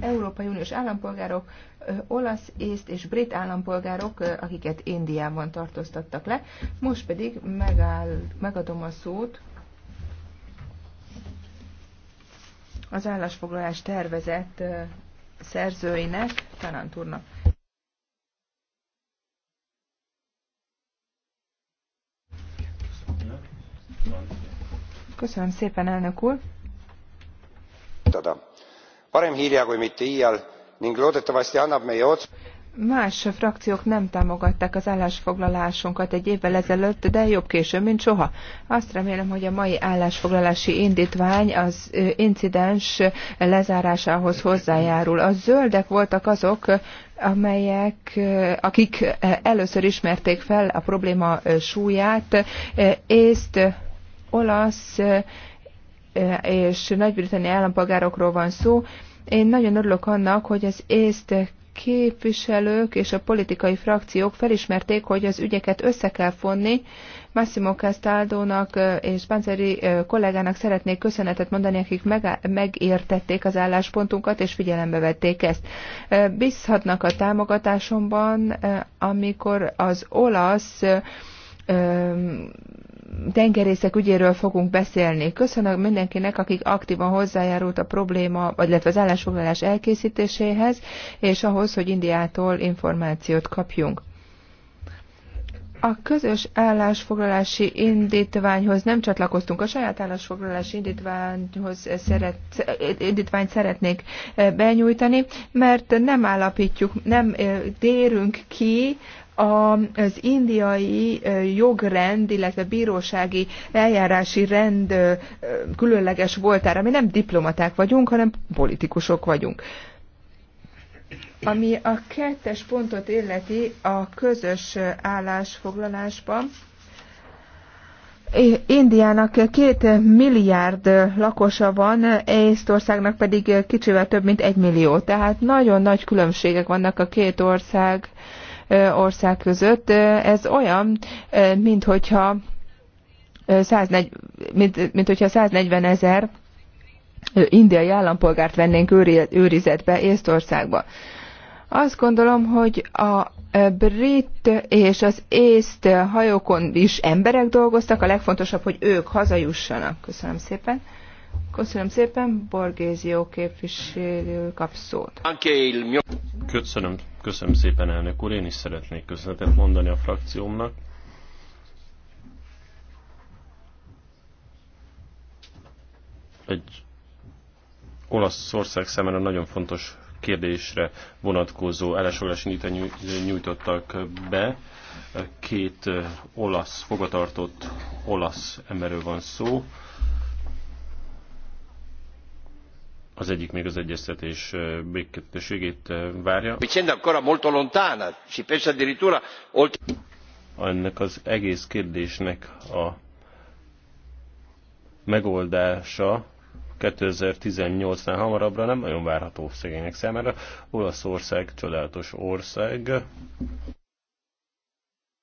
Európai Uniós állampolgárok, olasz, észt és brit állampolgárok, akiket Indiában tartóztattak le. Most pedig megáll, megadom a szót az állásfoglalás tervezett szerzőinek, Tanánt Köszönöm szépen, elnök úr! hogy Más frakciók nem támogatták az állásfoglalásunkat egy évvel ezelőtt, de jobb késő, mint soha. Azt remélem, hogy a mai állásfoglalási indítvány az incidens lezárásához hozzájárul. A zöldek voltak azok, amelyek, akik először ismerték fel a probléma súlyát, észt, olasz, és nagybritanni állampolgárokról van szó. Én nagyon örülök annak, hogy az észt képviselők és a politikai frakciók felismerték, hogy az ügyeket össze kell fonni. Massimo Castaldónak eh, és Panzeri eh, kollégának szeretnék köszönetet mondani, akik megértették az álláspontunkat és figyelembe vették ezt. Eh, bízhatnak a támogatásomban, amikor az olasz tengerészek ügyéről fogunk beszélni. Köszönöm mindenkinek, akik aktívan hozzájárult a probléma, vagy illetve az állásfoglalás elkészítéséhez, és ahhoz, hogy Indiától információt kapjunk. A közös állásfoglalási indítványhoz nem csatlakoztunk. A saját állásfoglalási indítványhoz szeret, indítványt szeretnék eh, benyújtani, mert nem állapítjuk, nem eh, térünk ki az indiai jogrend, illetve bírósági eljárási rend különleges voltára. Mi nem diplomaták vagyunk, hanem politikusok vagyunk. Ami a kettes pontot illeti a közös állásfoglalásban, Indiának két milliárd lakosa van, Észtországnak pedig kicsivel több mint egy millió. Tehát nagyon nagy különbségek vannak a két ország ország között. Ez olyan, mint hogyha 140, mint, mint hogyha 140 ezer indiai állampolgárt vennénk őrizetbe Észtországba. Azt gondolom, hogy a brit és az észt hajókon is emberek dolgoztak, a legfontosabb, hogy ők hazajussanak. Köszönöm szépen. Köszönöm szépen, Borgézió képviselő kap szót. Köszönöm Köszönöm szépen, elnök úr. Én is szeretnék köszönetet mondani a frakciómnak. Egy Olaszország a nagyon fontos kérdésre vonatkozó állásfoglalási nyújtottak be. Két olasz fogatartott olasz emberről van szó, az egyik még az egyeztetés békettőségét várja. Ennek az egész kérdésnek a megoldása 2018-nál hamarabbra nem nagyon várható szegények számára. Olaszország csodálatos ország,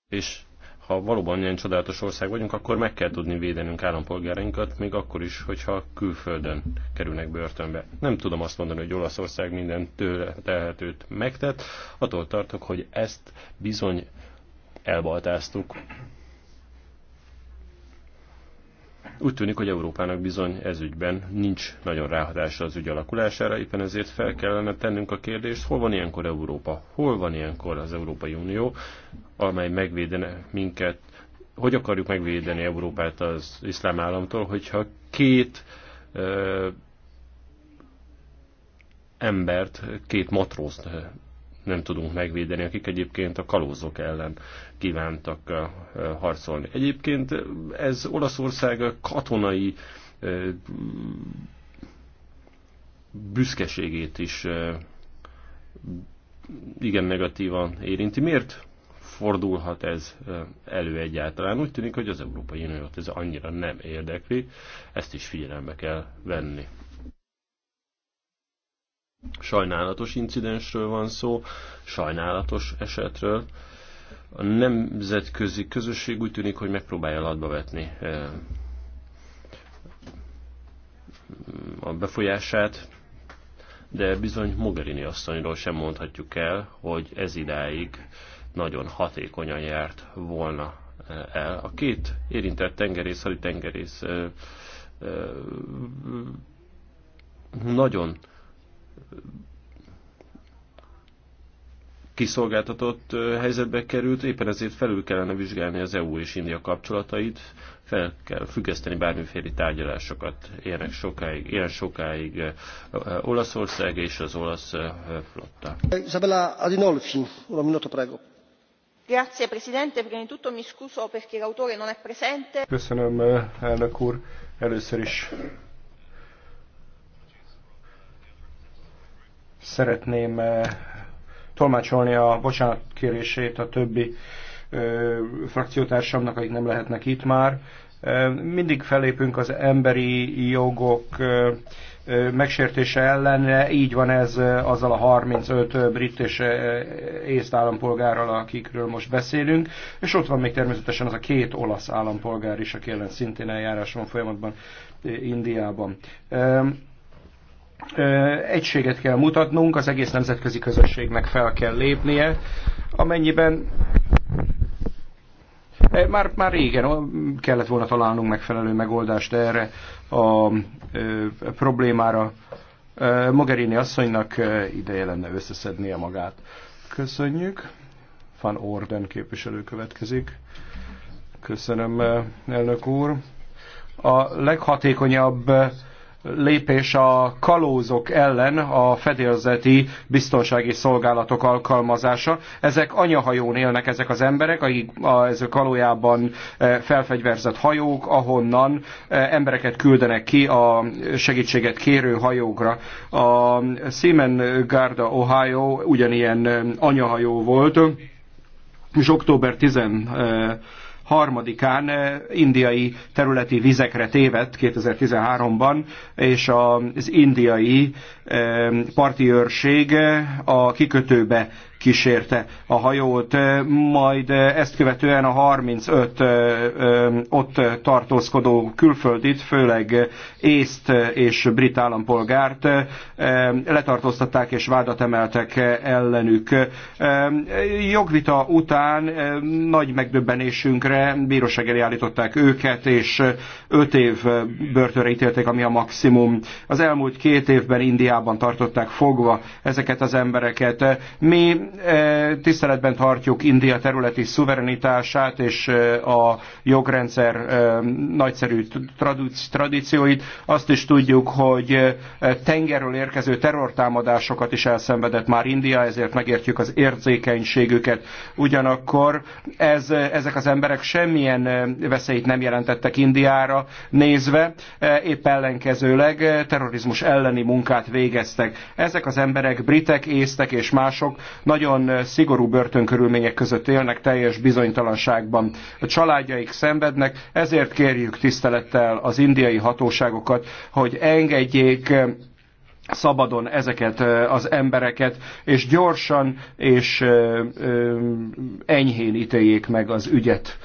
és ha valóban ilyen csodálatos ország vagyunk, akkor meg kell tudni védenünk állampolgárainkat, még akkor is, hogyha külföldön kerülnek börtönbe. Nem tudom azt mondani, hogy Olaszország minden tőle telhetőt megtett, attól tartok, hogy ezt bizony elbaltáztuk úgy tűnik, hogy Európának bizony ezügyben nincs nagyon ráhatása az ügy alakulására, éppen ezért fel kellene tennünk a kérdést, hol van ilyenkor Európa, hol van ilyenkor az Európai Unió, amely megvédene minket, hogy akarjuk megvédeni Európát az iszlám államtól, hogyha két ö, embert, két matrózt nem tudunk megvédeni, akik egyébként a kalózok ellen kívántak harcolni. Egyébként ez Olaszország katonai büszkeségét is igen negatívan érinti. Miért fordulhat ez elő egyáltalán? Úgy tűnik, hogy az Európai Uniót ez annyira nem érdekli, ezt is figyelembe kell venni. Sajnálatos incidensről van szó, sajnálatos esetről. A nemzetközi közösség úgy tűnik, hogy megpróbálja latba vetni eh, a befolyását, de bizony Mogherini asszonyról sem mondhatjuk el, hogy ez idáig nagyon hatékonyan járt volna eh, el. A két érintett tengerész, hali tengerész eh, nagyon kiszolgáltatott helyzetbe került, éppen ezért felül kellene vizsgálni az EU és India kapcsolatait, fel kell függeszteni bármiféle tárgyalásokat, ilyenek sokáig, ilyen sokáig Olaszország és az olasz flotta. Isabella Adinolfi, un minuto prego. Grazie Presidente, prima di tutto mi scuso perché l'autore non è presente. Köszönöm, elnök úr. Először is szeretném tolmácsolni a bocsánat kérését a többi frakciótársamnak, akik nem lehetnek itt már. Mindig felépünk az emberi jogok megsértése ellen, így van ez azzal a 35 brit és észt állampolgárral, akikről most beszélünk, és ott van még természetesen az a két olasz állampolgár is, aki ellen szintén eljárás van folyamatban Indiában egységet kell mutatnunk, az egész nemzetközi közösségnek fel kell lépnie, amennyiben már, már régen kellett volna találnunk megfelelő megoldást erre a problémára. Mogherini asszonynak ideje lenne összeszednie magát. Köszönjük. Van Orden képviselő következik. Köszönöm, elnök úr. A leghatékonyabb lépés a kalózok ellen a fedélzeti biztonsági szolgálatok alkalmazása. Ezek anyahajón élnek ezek az emberek, akik a, ezek kalójában e, felfegyverzett hajók, ahonnan e, embereket küldenek ki a segítséget kérő hajókra. A Seaman Garda Ohio ugyanilyen e, anyahajó volt, és október 10 harmadikán eh, indiai területi vizekre tévedt 2013-ban, és az indiai eh, parti őrség eh, a kikötőbe kísérte a hajót, majd ezt követően a 35 ott tartózkodó külföldit, főleg észt és brit állampolgárt letartóztatták és vádat emeltek ellenük. Jogvita után nagy megdöbbenésünkre bíróság elé állították őket, és 5 év börtönre ítélték, ami a maximum. Az elmúlt két évben Indiában tartották fogva ezeket az embereket. Mi tiszteletben tartjuk India területi szuverenitását és a jogrendszer nagyszerű tradícióit. Azt is tudjuk, hogy tengerről érkező terrortámadásokat is elszenvedett már India, ezért megértjük az érzékenységüket. Ugyanakkor ez, ezek az emberek semmilyen veszélyt nem jelentettek Indiára nézve, épp ellenkezőleg terrorizmus elleni munkát végeztek. Ezek az emberek britek, észtek és mások nagy nagyon eh, szigorú börtönkörülmények között élnek, teljes bizonytalanságban. A családjaik szenvednek, ezért kérjük tisztelettel az indiai hatóságokat, hogy engedjék eh, szabadon ezeket eh, az embereket, és gyorsan és enyhén ítéljék meg az ügyet.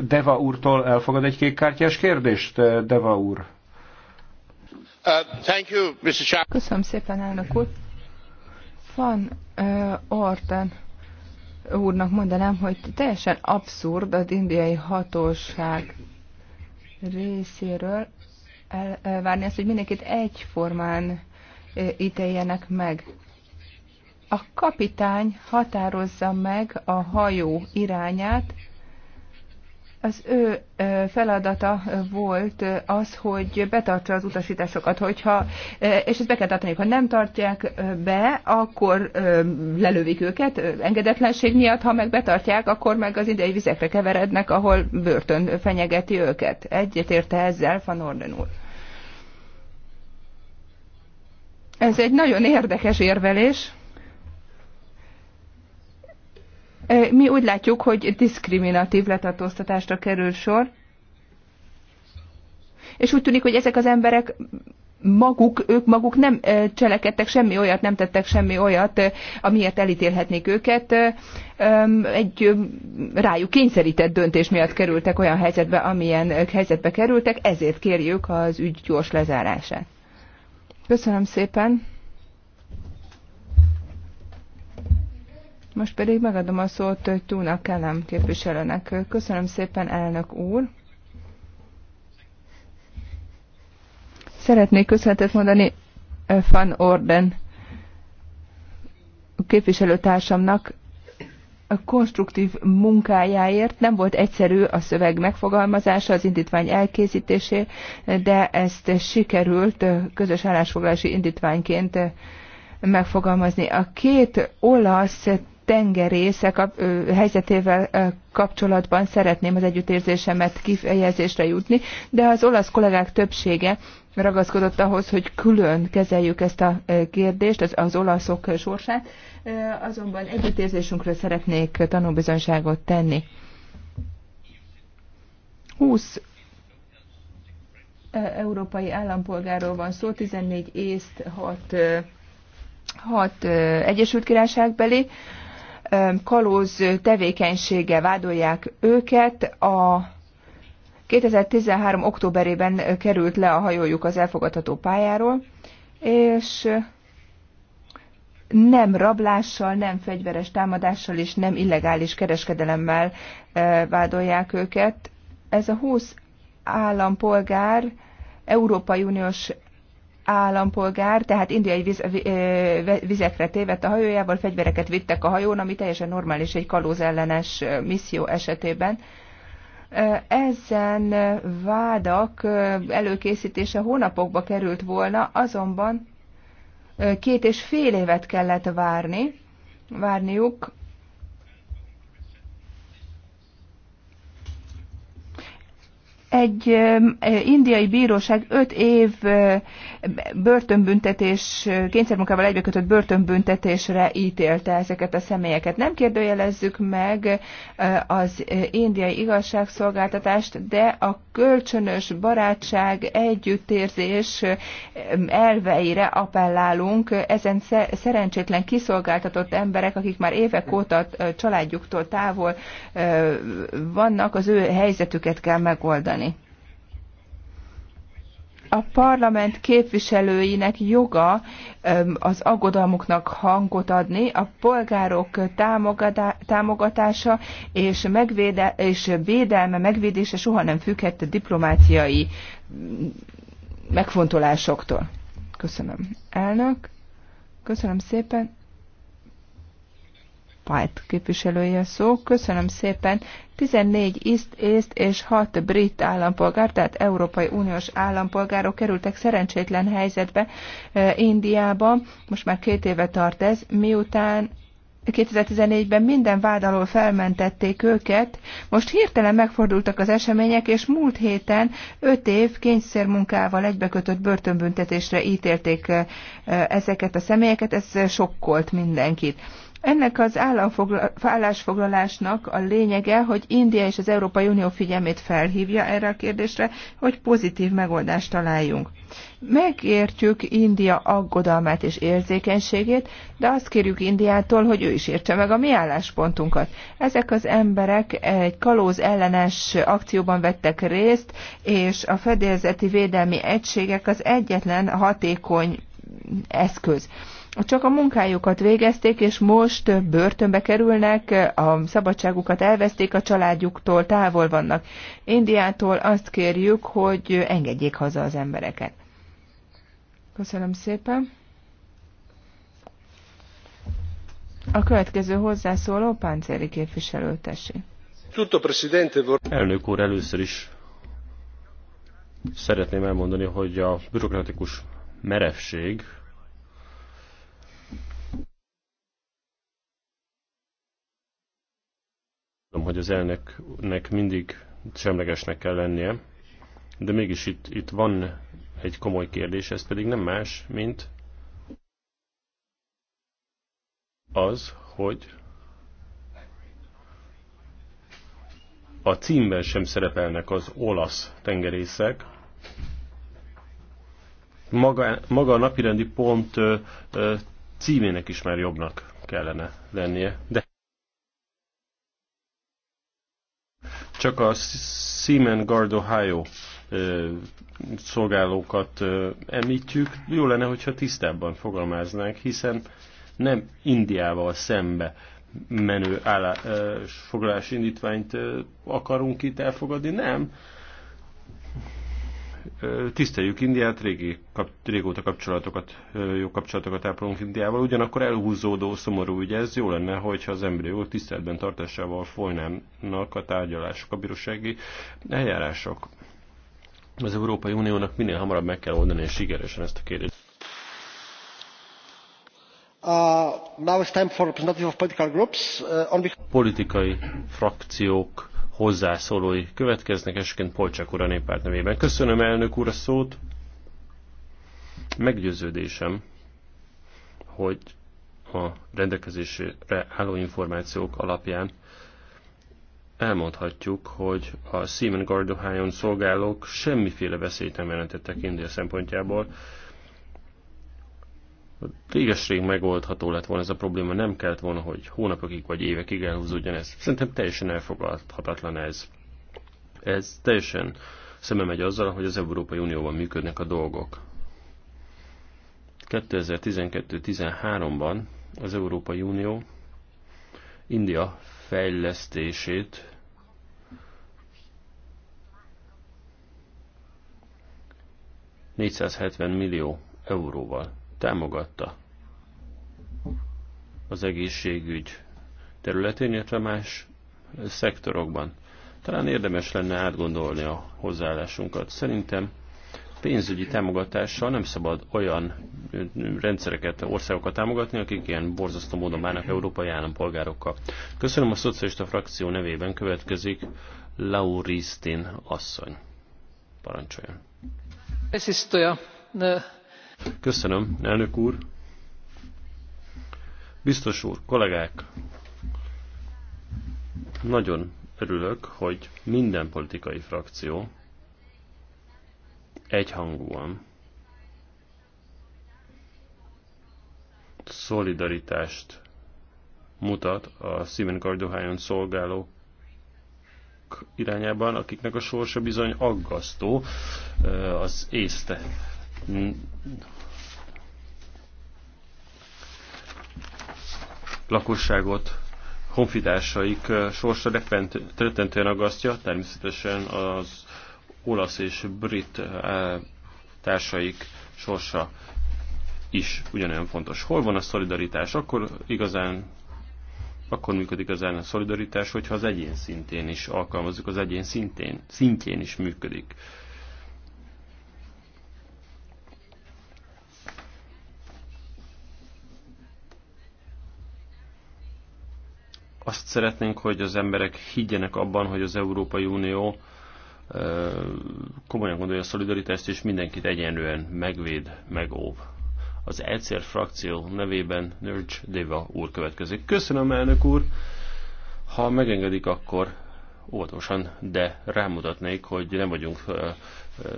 Deva úrtól elfogad egy kékkártyás kérdést, Deva úr? Uh, Köszönöm szépen, elnök úr. Van uh, Orten úrnak mondanám, hogy teljesen abszurd az indiai hatóság részéről elvárni azt, hogy mindenkit egyformán ítéljenek meg. A kapitány határozza meg a hajó irányát, az ő feladata volt az, hogy betartsa az utasításokat, hogyha, és ezt be kell tartani, ha nem tartják be, akkor lelövik őket engedetlenség miatt, ha meg betartják, akkor meg az idei vizekre keverednek, ahol börtön fenyegeti őket. Egyetérte ezzel Van Orden úr. Ez egy nagyon érdekes érvelés. Mi úgy látjuk, hogy diszkriminatív letartóztatásra kerül sor, és úgy tűnik, hogy ezek az emberek maguk, ők maguk nem cselekedtek semmi olyat, nem tettek semmi olyat, amiért elítélhetnék őket. Egy rájuk kényszerített döntés miatt kerültek olyan helyzetbe, amilyen helyzetbe kerültek, ezért kérjük az ügy gyors lezárását. Köszönöm szépen! Most pedig megadom a szót Túna Kellem képviselőnek. Köszönöm szépen, elnök úr! Szeretnék köszönetet mondani eh, Van Orden képviselőtársamnak a konstruktív munkájáért. Nem volt egyszerű a szöveg megfogalmazása, az indítvány elkészítésé, de ezt sikerült eh, közös állásfoglalási indítványként eh, megfogalmazni. A két olasz tengerészek helyzetével kapcsolatban szeretném az együttérzésemet kifejezésre jutni, de az olasz kollégák többsége ragaszkodott ahhoz, hogy külön kezeljük ezt a kérdést, az, az olaszok sorsát, azonban együttérzésünkről szeretnék tanúbizonyságot tenni. 20 európai állampolgárról van szó, 14 észt, 6, 6 Egyesült Királyságbeli, beli, kalóz tevékenysége vádolják őket. A 2013. októberében került le a hajójuk az elfogadható pályáról, és nem rablással, nem fegyveres támadással és nem illegális kereskedelemmel vádolják őket. Ez a 20 állampolgár Európai Uniós állampolgár, tehát indiai viz, vizekre tévedt a hajójával, fegyvereket vittek a hajón, ami teljesen normális egy kalózellenes misszió esetében. Ezen vádak előkészítése hónapokba került volna, azonban két és fél évet kellett várni, várniuk egy indiai bíróság öt év börtönbüntetés, kényszermunkával egybekötött börtönbüntetésre ítélte ezeket a személyeket. Nem kérdőjelezzük meg az indiai igazságszolgáltatást, de a kölcsönös barátság, együttérzés elveire appellálunk. Ezen szerencsétlen kiszolgáltatott emberek, akik már évek óta családjuktól távol vannak, az ő helyzetüket kell megoldani a parlament képviselőinek joga az aggodalmuknak hangot adni, a polgárok támogatása és, megvéde, és védelme, megvédése soha nem függhet a diplomáciai megfontolásoktól. Köszönöm. Elnök, köszönöm szépen. White képviselője szó. Köszönöm szépen. 14 iszt, észt és 6 brit állampolgár, tehát Európai Uniós állampolgárok kerültek szerencsétlen helyzetbe e, Indiába. Most már két éve tart ez, miután 2014-ben minden vád alól felmentették őket, most hirtelen megfordultak az események, és múlt héten 5 év kényszermunkával egybekötött börtönbüntetésre ítélték e, e, ezeket a személyeket, ez sokkolt mindenkit. Ennek az állásfoglalásnak a lényege, hogy India és az Európai Unió figyelmét felhívja erre a kérdésre, hogy pozitív megoldást találjunk. Megértjük India aggodalmát és érzékenységét, de azt kérjük Indiától, hogy ő is értse meg a mi álláspontunkat. Ezek az emberek egy kalóz ellenes akcióban vettek részt, és a fedélzeti védelmi egységek az egyetlen hatékony eszköz csak a munkájukat végezték, és most börtönbe kerülnek, a szabadságukat elveszték, a családjuktól távol vannak. Indiától azt kérjük, hogy engedjék haza az embereket. Köszönöm szépen. A következő hozzászóló páncéli képviselő, tessék. Elnök úr, először is szeretném elmondani, hogy a bürokratikus merevség Tudom, hogy az elnöknek mindig semlegesnek kell lennie, de mégis itt, itt van egy komoly kérdés, ez pedig nem más, mint az, hogy a címben sem szerepelnek az olasz tengerészek. Maga, maga a napirendi pont ö, ö, címének is már jobbnak kellene lennie. De Csak a Siemens, Guard Ohio szolgálókat említjük. Jó lenne, hogyha tisztábban fogalmáznánk, hiszen nem Indiával szembe menő állá, foglalás indítványt akarunk itt elfogadni, nem, tiszteljük Indiát, régi, kap, régóta kapcsolatokat, jó kapcsolatokat ápolunk Indiával, ugyanakkor elhúzódó, szomorú ügy ez, jó lenne, hogyha az emberi jogok tiszteletben tartásával folynának a tárgyalások, a bírósági eljárások. Az Európai Uniónak minél hamarabb meg kell oldani és sikeresen ezt a kérdést. Uh, now it's time for political groups. Uh, on... Politikai frakciók hozzászólói következnek, esként Polcsák úr a néppárt nevében. Köszönöm elnök úr a szót. Meggyőződésem, hogy a rendelkezésre álló információk alapján elmondhatjuk, hogy a Siemens Guard szolgálók semmiféle veszélyt nem jelentettek India szempontjából réges-rég megoldható lett volna ez a probléma, nem kellett volna, hogy hónapokig vagy évekig elhúzódjon ez. Szerintem teljesen elfogadhatatlan ez. Ez teljesen szembe megy azzal, hogy az Európai Unióban működnek a dolgok. 2012-13-ban az Európai Unió India fejlesztését ...470 millió euróval támogatta az egészségügy területén, illetve más szektorokban. Talán érdemes lenne átgondolni a hozzáállásunkat. Szerintem pénzügyi támogatással nem szabad olyan rendszereket, országokat támogatni, akik ilyen borzasztó módon bánnak európai állampolgárokkal. Köszönöm a szocialista frakció nevében következik Lauristin asszony. Parancsoljon. Ez is Köszönöm, elnök úr. Biztos úr, kollégák, nagyon örülök, hogy minden politikai frakció egyhangúan szolidaritást mutat a Simon Gardohányon szolgálók irányában, akiknek a sorsa bizony aggasztó eh, az észte lakosságot honfitársaik sorsa rettentően agasztja, természetesen az olasz és brit társaik sorsa is ugyanolyan fontos. Hol van a szolidaritás? Akkor igazán akkor működik az a szolidaritás, hogyha az egyén szintén is alkalmazzuk, az egyén szintén, szintjén is működik. Azt szeretnénk, hogy az emberek higgyenek abban, hogy az Európai Unió komolyan gondolja a szolidaritást, és mindenkit egyenlően megvéd, megóv. Az ECR frakció nevében Nörgy Deva úr következik. Köszönöm, elnök úr! Ha megengedik, akkor óvatosan, de rámutatnék, hogy nem vagyunk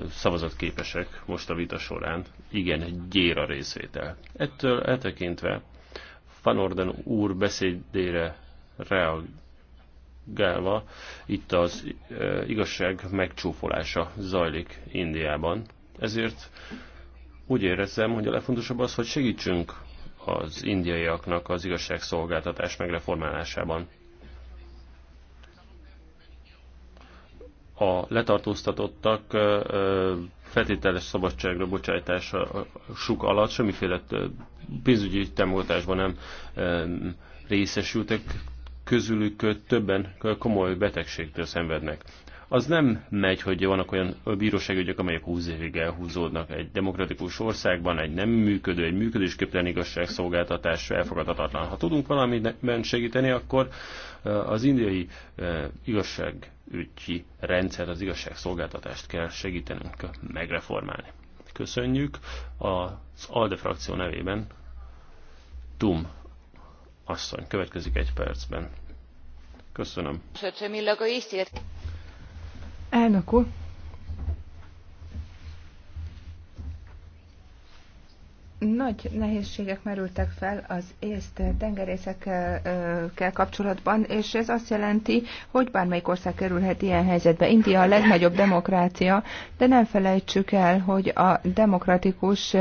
szavazatképesek most a vita során. Igen, gyér a részvétel. Ettől eltekintve Van Orden úr beszédére reagálva itt az e, igazság megcsúfolása zajlik Indiában. Ezért úgy érezzem, hogy a legfontosabb az, hogy segítsünk az indiaiaknak az igazságszolgáltatás megreformálásában. a letartóztatottak e, e, feltételes szabadságra bocsájtása suk alatt semmiféle pénzügyi támogatásban nem részesültek, közülük többen komoly betegségtől szenvednek. Az nem megy, hogy vannak olyan bíróságügyek, amelyek 20 évig elhúzódnak. Egy demokratikus országban egy nem működő, egy működésképtelen igazságszolgáltatás elfogadhatatlan. Ha tudunk valamiben segíteni, akkor az indiai igazságügyi rendszer, az igazságszolgáltatást kell segítenünk megreformálni. Köszönjük az ALDE frakció nevében. Tum asszony. Következik egy percben. Köszönöm. Elnök úr, nagy nehézségek merültek fel az észt tengerészekkel kapcsolatban, és ez azt jelenti, hogy bármelyik ország kerülhet ilyen helyzetbe. India a legnagyobb demokrácia, de nem felejtsük el, hogy a demokratikus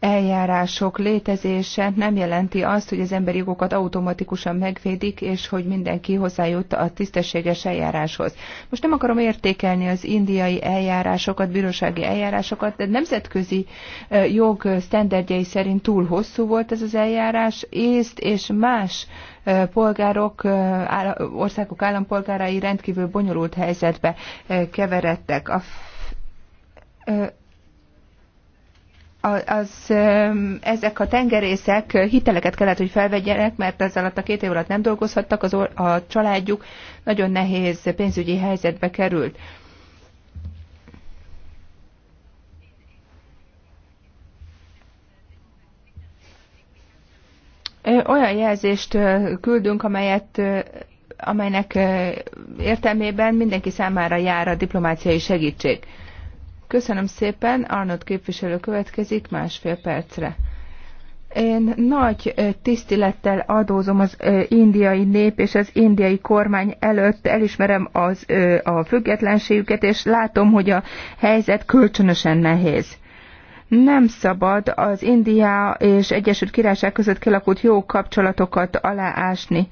eljárások létezése nem jelenti azt, hogy az emberi jogokat automatikusan megvédik, és hogy mindenki hozzájut a tisztességes eljáráshoz. Most nem akarom értékelni az indiai eljárásokat, bírósági eljárásokat, de nemzetközi jog sztenderdjei szerint túl hosszú volt ez az eljárás, észt és más polgárok, országok állampolgárai rendkívül bonyolult helyzetbe keveredtek. A az, ezek a tengerészek hiteleket kellett, hogy felvegyenek, mert ez alatt a két év alatt nem dolgozhattak, az, a családjuk nagyon nehéz pénzügyi helyzetbe került. Olyan jelzést küldünk, amelyet, amelynek értelmében mindenki számára jár a diplomáciai segítség. Köszönöm szépen, Arnold képviselő következik másfél percre. Én nagy tisztilettel adózom az indiai nép és az indiai kormány előtt, elismerem az, a függetlenségüket, és látom, hogy a helyzet kölcsönösen nehéz. Nem szabad az India és Egyesült Királyság között kialakult jó kapcsolatokat aláásni.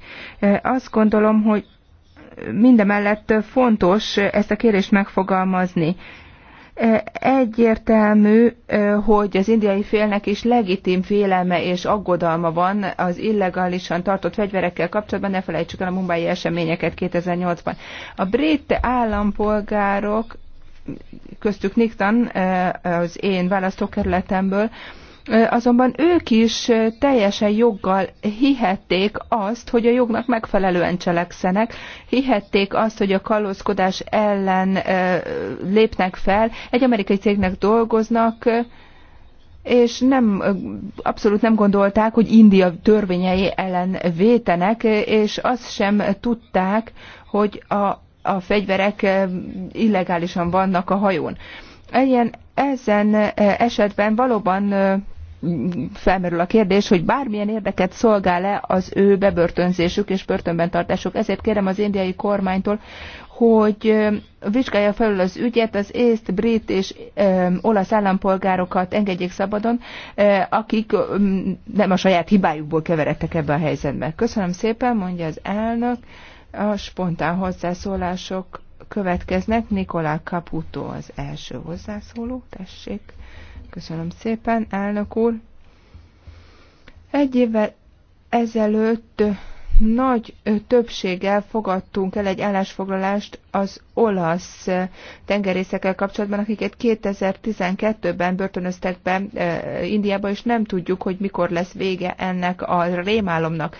Azt gondolom, hogy mindemellett fontos ezt a kérést megfogalmazni Egyértelmű, hogy az indiai félnek is legitim félelme és aggodalma van az illegálisan tartott fegyverekkel kapcsolatban, ne felejtsük el a mumbai eseményeket 2008-ban. A brit állampolgárok, köztük Niktan, az én választókerületemből, Azonban ők is teljesen joggal hihették azt, hogy a jognak megfelelően cselekszenek, hihették azt, hogy a kalózkodás ellen lépnek fel, egy amerikai cégnek dolgoznak, és nem, abszolút nem gondolták, hogy India törvényei ellen vétenek, és azt sem tudták, hogy a, a fegyverek illegálisan vannak a hajón. Ilyen ezen esetben valóban felmerül a kérdés, hogy bármilyen érdeket szolgál-e az ő bebörtönzésük és börtönben tartásuk. Ezért kérem az indiai kormánytól, hogy vizsgálja felül az ügyet, az észt, brit és ö, olasz állampolgárokat engedjék szabadon, ö, akik ö, nem a saját hibájukból keveredtek ebbe a helyzetbe. Köszönöm szépen, mondja az elnök. A spontán hozzászólások következnek. Nikolá Caputo az első hozzászóló, tessék. Köszönöm szépen, elnök úr. Egy évvel ezelőtt nagy többséggel fogadtunk el egy állásfoglalást az olasz eh, tengerészekkel kapcsolatban, akiket 2012-ben börtönöztek be eh, Indiába, és nem tudjuk, hogy mikor lesz vége ennek a rémálomnak.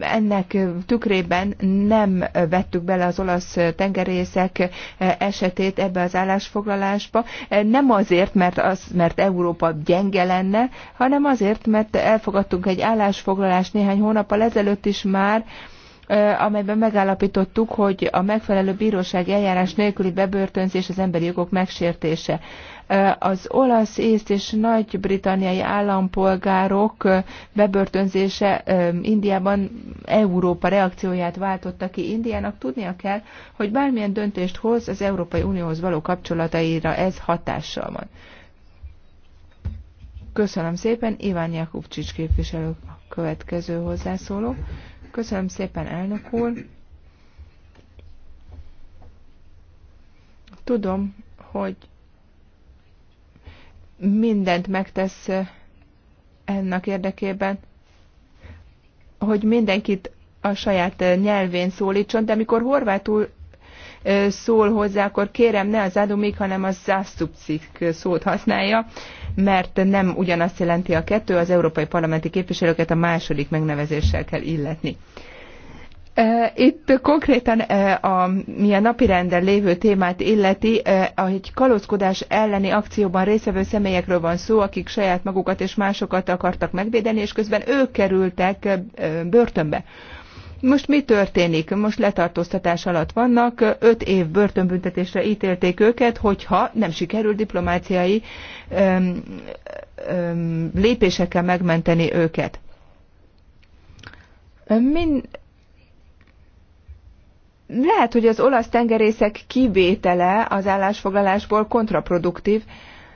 Ennek tükrében nem vettük bele az olasz tengerészek eh, esetét ebbe az állásfoglalásba. Nem azért, mert, az, mert Európa gyenge lenne, hanem azért, mert elfogadtunk egy állásfoglalást néhány hónappal ezelőtt is már, amelyben megállapítottuk, hogy a megfelelő bíróság eljárás nélküli bebörtönzés az emberi jogok megsértése. Az olasz, észt és nagy-britanniai állampolgárok bebörtönzése Indiában Európa reakcióját váltotta ki. Indiának tudnia kell, hogy bármilyen döntést hoz, az Európai Unióhoz való kapcsolataira ez hatással van. Köszönöm szépen, Iván Csics képviselő a következő hozzászóló. Köszönöm szépen, elnök úr. Tudom, hogy mindent megtesz ennek érdekében, hogy mindenkit a saját nyelvén szólítson, de amikor horvátul szól hozzá, akkor kérem ne az adumik, hanem a zásztupcik szót használja mert nem ugyanazt jelenti a kettő, az európai parlamenti képviselőket a második megnevezéssel kell illetni. Itt konkrétan, a, mi a napirenden lévő témát illeti, egy kalózkodás elleni akcióban részvevő személyekről van szó, akik saját magukat és másokat akartak megvédeni, és közben ők kerültek börtönbe. Most mi történik? Most letartóztatás alatt vannak, öt év börtönbüntetésre ítélték őket, hogyha nem sikerül diplomáciai öm, öm, lépésekkel megmenteni őket. Min... Lehet, hogy az olasz tengerészek kivétele az állásfoglalásból kontraproduktív.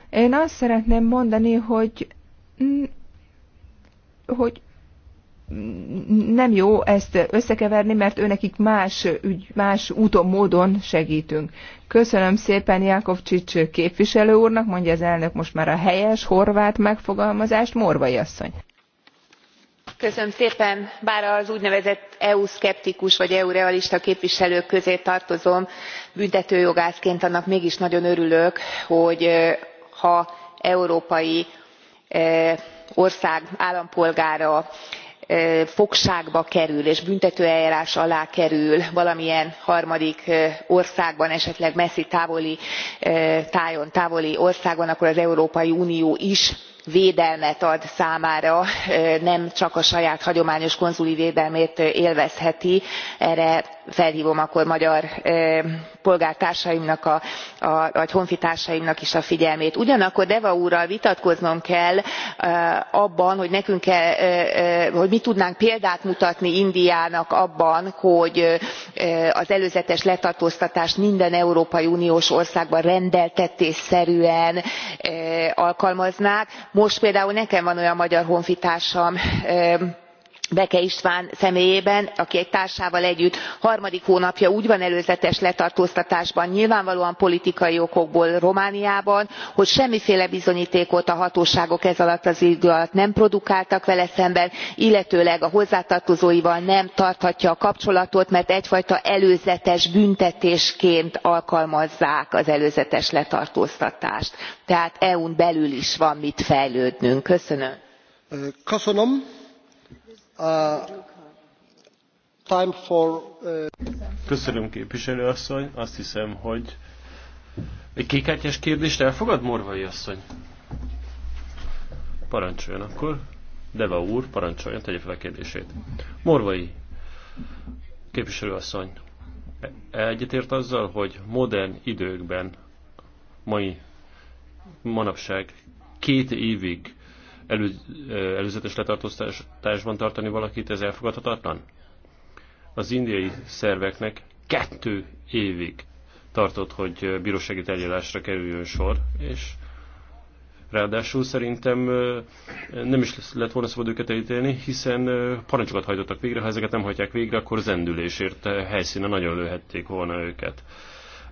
Én azt szeretném mondani, hogy hogy nem jó ezt összekeverni, mert nekik más, ügy, más úton, módon segítünk. Köszönöm szépen Jakovcsics képviselő úrnak, mondja az elnök most már a helyes horvát megfogalmazást, Morvai asszony. Köszönöm szépen, bár az úgynevezett eu szkeptikus vagy eu realista képviselők közé tartozom büntetőjogászként annak mégis nagyon örülök hogy eh, ha európai eh, ország állampolgára fogságba kerül és büntetőeljárás alá kerül valamilyen harmadik országban esetleg messzi távoli tájon távoli országban akkor az európai unió is védelmet ad számára nem csak a saját hagyományos konzuli védelmét élvezheti erre felhvom akkor magyar polgártársaimnak vagy honfitársaimnak is a figyelmét. ugyanakkor deva úrral vitatkoznom kell abban hogy mi tudnánk példát mutatni indiának abban hogy az előzetes letartóztatást minden európai uniós országban rendeltetésszerűen alkalmaznák. most például nekem van olyan magyar honfitársam beke istván személyében aki egy társával együtt harmadik hónapja úgy van előzetes letartóztatásban nyilvánvalóan politikai okokból romániában hogy semmiféle bizonytékot a hatóságok ezalatt az idő alatt nem produkáltak vele szemben illetőleg a hozzátartozóival nem tarthatja a kapcsolatot mert egyfajta előzetes büntetésként alkalmazzák az előzetes letartóztatást. tehát eu n belül is van mit fejlődnünk. köszönöm. köszönöm Uh, Köszönöm, képviselő asszony. Azt hiszem, hogy egy kékkártyás kérdést elfogad Morvai asszony? Parancsoljon akkor. Deva úr, parancsoljon, tegye fel a kérdését. Morvai képviselő asszony, egyetért azzal, hogy modern időkben, mai manapság két évig elő, előzetes letartóztatásban tartani valakit, ez elfogadhatatlan? Az indiai szerveknek kettő évig tartott, hogy bírósági tárgyalásra kerüljön sor, és ráadásul szerintem nem is lett volna szabad őket elítélni, hiszen parancsokat hajtottak végre, ha ezeket nem hagyják végre, akkor zendülésért helyszínen nagyon lőhették volna őket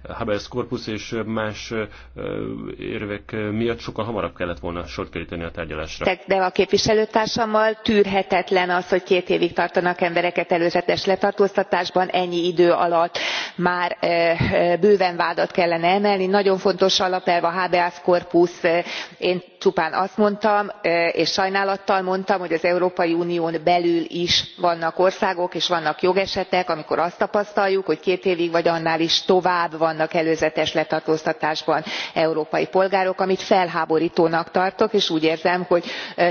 habeas corpus és más érvek miatt sokkal hamarabb kellett volna sort keríteni a tárgyalásra. De a képviselőtársammal tűrhetetlen az, hogy két évig tartanak embereket előzetes letartóztatásban, ennyi idő alatt már bőven vádat kellene emelni. Nagyon fontos alapelv a habeas corpus. Én csupán azt mondtam, és sajnálattal mondtam, hogy az Európai Unión belül is vannak országok és vannak jogesetek, amikor azt tapasztaljuk, hogy két évig vagy annál is tovább van vannak előzetes letartóztatásban európai polgárok amit felhábortónak tartok és úgy érzem hogy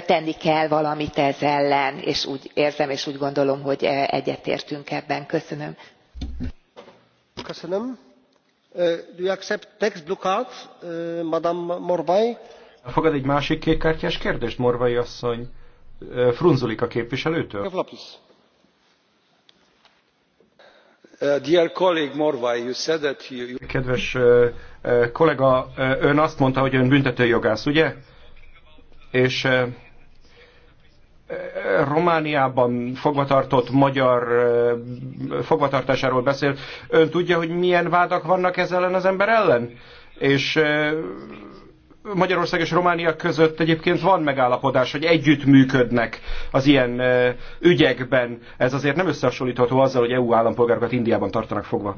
tenni kell valamit ez ellen és úgy érzem és úgy gondolom hogy egyetértünk ebben. köszönöm. köszönöm. Elfogad egy másik kártyás kérdést, Morvai asszony, a képviselőtől? Kedves kollega, ön azt mondta, hogy ön büntetőjogász, ugye? És uh, uh, Romániában fogvatartott magyar uh, fogvatartásáról beszél. Ön tudja, hogy milyen vádak vannak ezzel ellen az ember ellen? És Magyarország és Románia között egyébként van megállapodás, hogy együtt működnek az ilyen ügyekben. Ez azért nem összehasonlítható azzal, hogy EU állampolgárokat Indiában tartanak fogva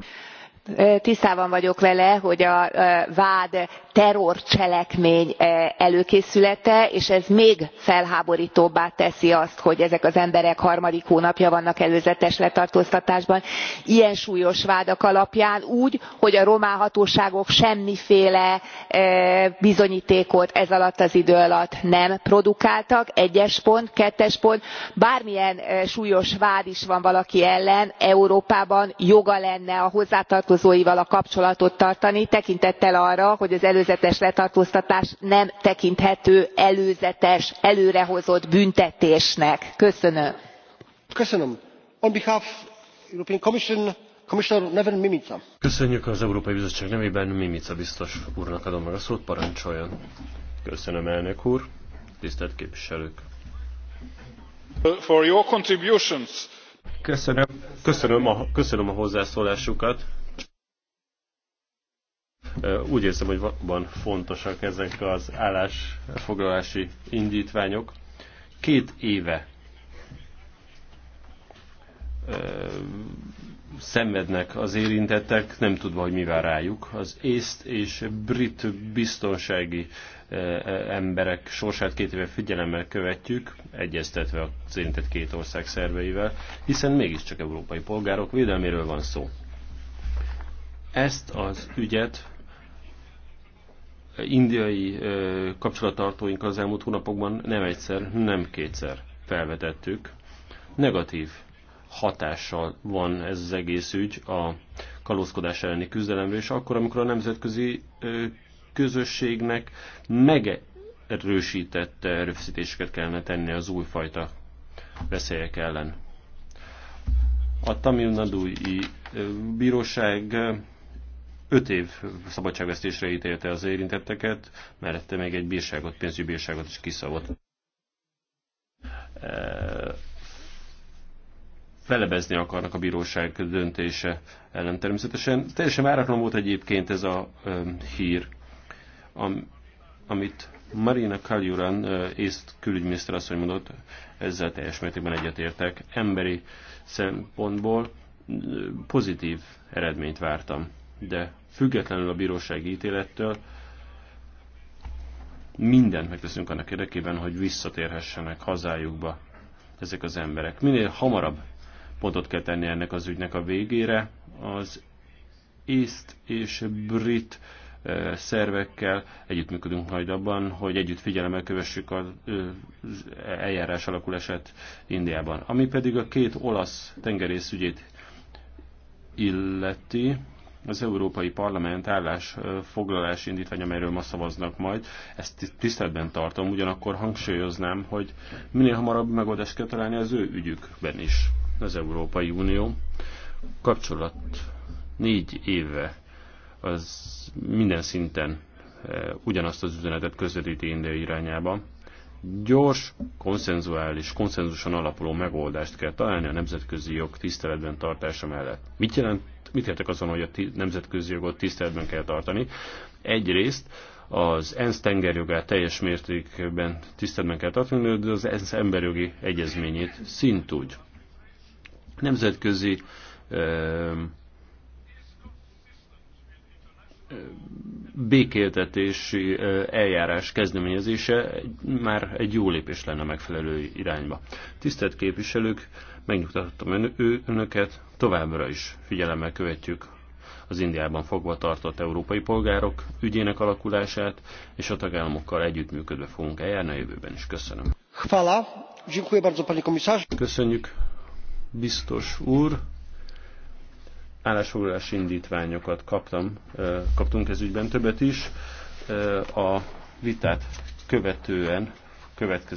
tisztában vagyok vele hogy a vád terrorcselekmény előkészülete és ez még felhábortóbbá teszi azt hogy ezek az emberek harmadik hónapja vannak előzetes letartóztatásban ilyen súlyos vádak alapján úgy hogy a román hatóságok semmiféle bizonytékot ez alatt az idő alatt nem produkáltak egyes pont kettes pont bármilyen súlyos vád is van valaki ellen európában joga lenne a hozzátartozóinak vállalkozóival a kapcsolatot tartani tekintettel arra hogy az előzetes letartóztatás nem tekinthető előzetes előrehozott büntetésnek. köszönöm. köszönjük az európai bizottság nevében mimica biztos úrnak adom meg a szót parancsoljon. köszönöm elnök úr tisztelt képviselők! For your contributions. Köszönöm, köszönöm, a, köszönöm a hozzászólásukat. Úgy érzem, hogy valóban fontosak ezek az állásfoglalási indítványok. Két éve szenvednek az érintettek, nem tudva, hogy mi vár rájuk. Az észt és brit biztonsági emberek sorsát két éve figyelemmel követjük, egyeztetve az érintett két ország szerveivel, hiszen mégiscsak európai polgárok védelméről van szó. Ezt az ügyet indiai kapcsolattartóink az elmúlt hónapokban nem egyszer, nem kétszer felvetettük. Negatív hatással van ez az egész ügy a kalózkodás elleni küzdelemre, és akkor, amikor a nemzetközi közösségnek megerősített erőfeszítéseket kellene tenni az újfajta veszélyek ellen. A Tamil nadu-i bíróság 5 év szabadságvesztésre ítélte az érintetteket, mellette még egy bírságot, pénzügyi bírságot is kiszabott. Eh, felebezni akarnak a bíróság döntése ellen természetesen. Teljesen váratlan volt egyébként ez a eh, hír, am, amit Marina Kaljuran, eh, észt külügyminiszter asszony mondott, ezzel teljes mértékben egyetértek. Emberi szempontból pozitív eredményt vártam de függetlenül a bírósági ítélettől mindent megteszünk annak érdekében, hogy visszatérhessenek hazájukba ezek az emberek. Minél hamarabb pontot kell tenni ennek az ügynek a végére, az észt és brit eh, szervekkel együttműködünk majd abban, hogy együtt figyelemmel kövessük eh, az eljárás alakulását Indiában. Ami pedig a két olasz tengerészügyét illeti, az Európai Parlament állásfoglalás indítvány, amelyről ma szavaznak majd. Ezt tiszteletben tartom, ugyanakkor hangsúlyoznám, hogy minél hamarabb megoldást kell találni az ő ügyükben is. Az Európai Unió kapcsolat négy éve az minden szinten eh, ugyanazt az üzenetet közvetíti India irányába. Gyors, konszenzuális, konszenzuson alapuló megoldást kell találni a nemzetközi jog tiszteletben tartása mellett. Mit jelent, mit értek azon, hogy a nemzetközi jogot tiszteletben kell tartani? Egyrészt az ENSZ tengerjogát teljes mértékben tiszteletben kell tartani, de az ENSZ emberjogi egyezményét szintúgy. Nemzetközi ö, ehm, békéltetési eljárás kezdeményezése már egy jó lépés lenne megfelelő irányba. Tisztelt képviselők, megnyugtatottam önöket, továbbra is figyelemmel követjük az Indiában fogva tartott európai polgárok ügyének alakulását, és a tagállamokkal együttműködve fogunk eljárni a jövőben is. Köszönöm. Köszönjük, biztos úr állásfoglalás indítványokat kaptam, kaptunk ez ügyben többet is. A vitát követően következik.